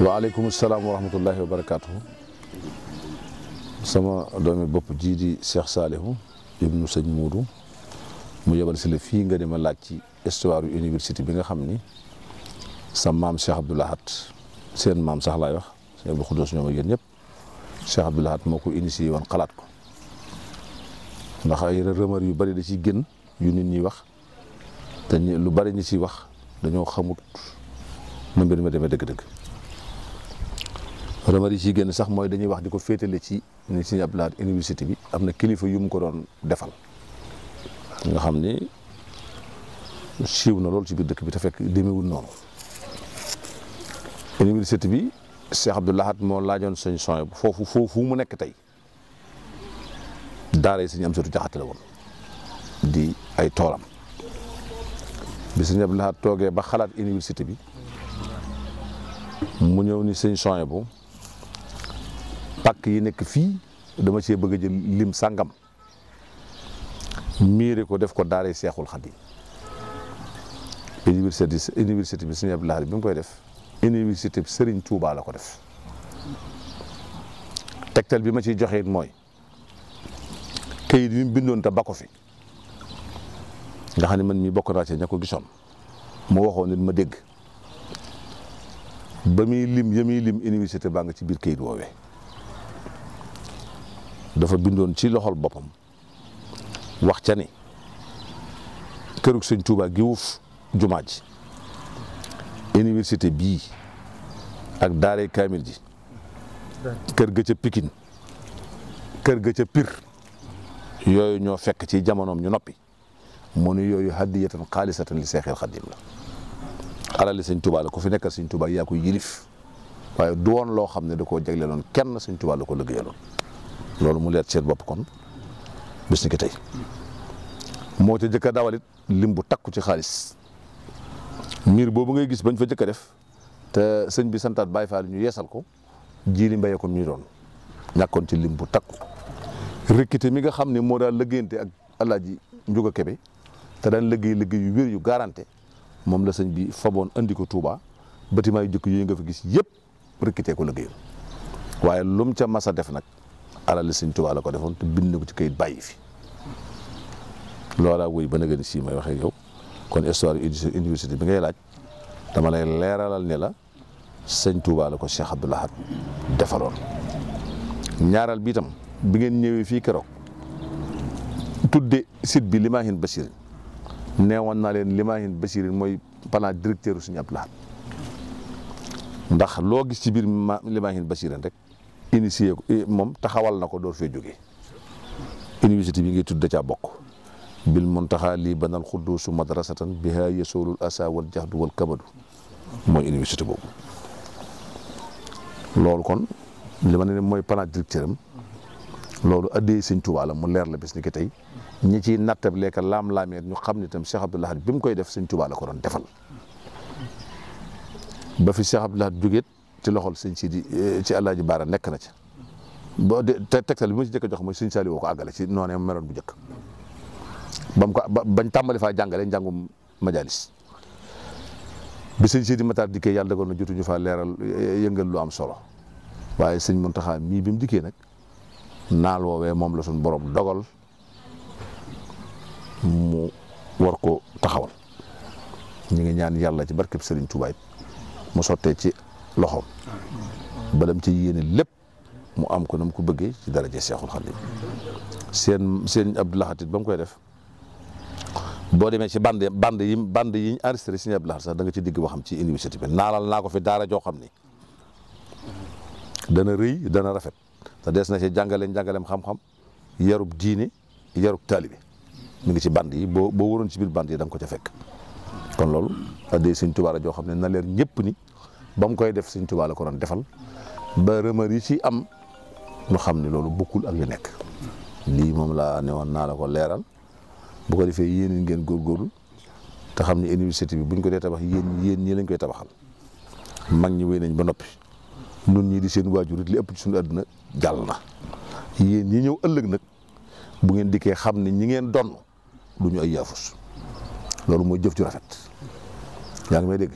waaleykum salaam wa rahmatullahi wa barakaatuhu sama doomi bopp jii di Cheikh Salihu ibnu sëñ Muudu mu yebal si la fii nga dem a laaj ci histoire yu université bi nga xam ni sa maam Cheikh Abdoul Ahad seen maam sax laay wax sëñ Abdou Khoudous ñoom ak yéen ñëpp Cheikh Abdoul Ahad moo ko initié woon xalaat ko ndax ay yu bari da ciy gën yu nit ñi wax te lu bari ñi ciy wax dañoo xamut na mbir ma demee dëgg-dëgg. remar yi ciy sax mooy dañuy wax di ko féetale ci ni Sëriñ Abdou Lahad université bi am na kilifa yu mu ko doon defal nga xam ni siiw na loolu ci biir dëkk bi te fekk demewul noonu université bi Cheikh Abdou Lahad moo laajoon sëñ son bu foofu foofu mu nekk tey daara yi sëñ am satu jaxate la woon di ay toolam bi sëñ Abdou Lahad toogee ba xalaat université bi mu ñëw ni sëñ son bu pàkk yi nekk fii dama cee bëgg a jël lim sàngam miire ko def ko daaree seexul xadim université université bi Sëriñ Abdou Lahad bi koy def université bi Sëriñ Tuubaa la ko def tegtal bi ma ciy joxe mooy kayit yi mu bindoon te ba fi nga xam ne man mii bokk naa ci ña ko gisoon mu waxoon nit ma dégg ba muy lim ya muy lim université baa nga ci biir kayit woowe dafa bindoon ci loxol boppam wax ca ni kërug sëñ Tuubaa gi wuuf jumaa ji université bii ak daaree kaamil ji kër ga ca Pikine kër ga ca Pire yooyu ñoo fekk ci jamonoom ñu noppi mu ne yooyu hadiyatan xaalisatan li Seexil Xadim la alali sëñ Tuubaa la ku fi nekkal sëñ Tuubaa yaa ko yilif waaye du woon loo xam ne da koo jagleeloon kenn sëñ Tuubaa la ko lëggéeyaloon loolu mu leer seen bopp kon bis ni ki tey moo ca jëkk a dawalit lim bu takku ci xaalis miir boobu ngay gis bañ fa jëkk a def te sëñ bi santaat Baay Faal ñu yeesal ko jiili mbéye ko ñu doon ci lim bu takku recruté mi nga xam ne moo daal lëggéeyante ak alaaji Njuga Kebe te daan lëggéey lëggéey yu wér yu garante moom la sëñ bi faboon andi ko Touba bâtiment yu jëkk yooyu nga fa gis yëpp recruté ko lëggéeyam waaye lum ca masa def nag alali Sëñ Tuubaa ko defoon te bind na ko ci kayit bàyyi fi loola woy ba nag si may waxee yow kon histoire université bi ngay laaj dama lay leeralal ne la Sëñ ko Cheikh Abdou Lahad defaloon ñaaral bi itam bi ngeen ñëwee fii keroog tudde site bi Limaahin Basirin neewoon naa leen Limaahin Basirin mooy plan directeur u Sëñ Abdou Lahad ndax loo gis ci biir Limaahin Basirin rek initié eh, moom taxawal na ko door fee jóge université bi ngay tudd da caa bokk bil muntaxa lii banal xudduusu madrasatan biha yasoolul asa wal jaxdu wal kabadu mooy université boobu loolu kon li ma ne ne mooy plan directeur am loolu addee sëñ Tuubaa la mu leer la bis ni ki tey ñi ciy nattab lekka laam-laamee ñu xam ne itam Cheikh Abdoul Ahad bi mu koy def sëñ Tuubaa ko doon defal ba fi Cheikh Abdoul jógeet ci loxol sëñ si eh, ci Alaaji Baara nekk na ci boo de tegtal bi ma ci njëkk a jox mooy sëñ Saliou woo ko àggale ci noonee mu meloon bu njëkk ba mu ko bañ tàmbali faa jàngale njangum majalis bi sëñ Sidi Matar dikkee yàlla dogal na jotuñu faa leeral eh, yëngal lu am solo waaye sëñ Mountakha mii bi mu dikkee nag naal woowee moom la suñ borom dogal mu war ko taxawal ñu ngi ñaan yàlla ci barkeb Serigne Touba mu sottee ci. loxo balam lam ci yéene lépp mu am ko na mu ko bëggee si daraje Seexul Xadiim seen seen Abdou Lahad ba mu koy def boo demee ci bande bande yi bande yi ñu enregistré seen Abdou Lahad sax da nga ci digg waxam ci université bi naalal naa ko fi daara joo xam ni dana rëy dana rafet te des na ci jàngaleem jàngaleem xam-xam yarub diine yarub taalibe mi ngi si bande yi boo boo waroon ci biir bande yi da nga ko ca fekk kon loolu addee sëñ joo xam ne na leer ñëpp ni ba mu koy def sëñ Tuubaa ko doon defal ba remar si am ñu xam ne loolu bukkul ak li nekk lii moom laa ne woon naa la ko leeral bu ko defee yéen ngeen góorgóorlu te xam ne université bi buñ ko dee tabax yéen yéen ñii lañ koy tabaxal mag ñi wéy nañ ba noppi nun ñii di seen waajur it li ëpp ci suñu àdduna jàll na yéen ñi ñëw ëllëg nag bu ngeen dikkee xam ne ñi ngeen donn du ñu ay yaafus loolu mooy jëf ju rafet yaa ngi may dégg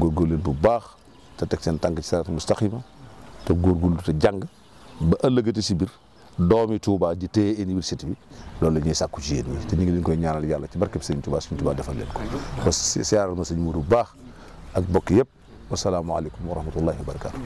góorgóorlu leen bu baax te teg seen tànk ci saraat mustaqima te góorgóorlu te jàng ba ëllëgati si biir doomi Touba ji te université bi loolu la ñuy sàkku ci yéen ñi te ñu ngi leen koy ñaanal yàlla ci barkeb Sëriñ Touba Sëriñ Touba defal leen ko parce que siyaaral ma sëñ Mourou bu baax ak bokk yëpp wasalaamaaleykum wa rahmatullahi wa barakaatu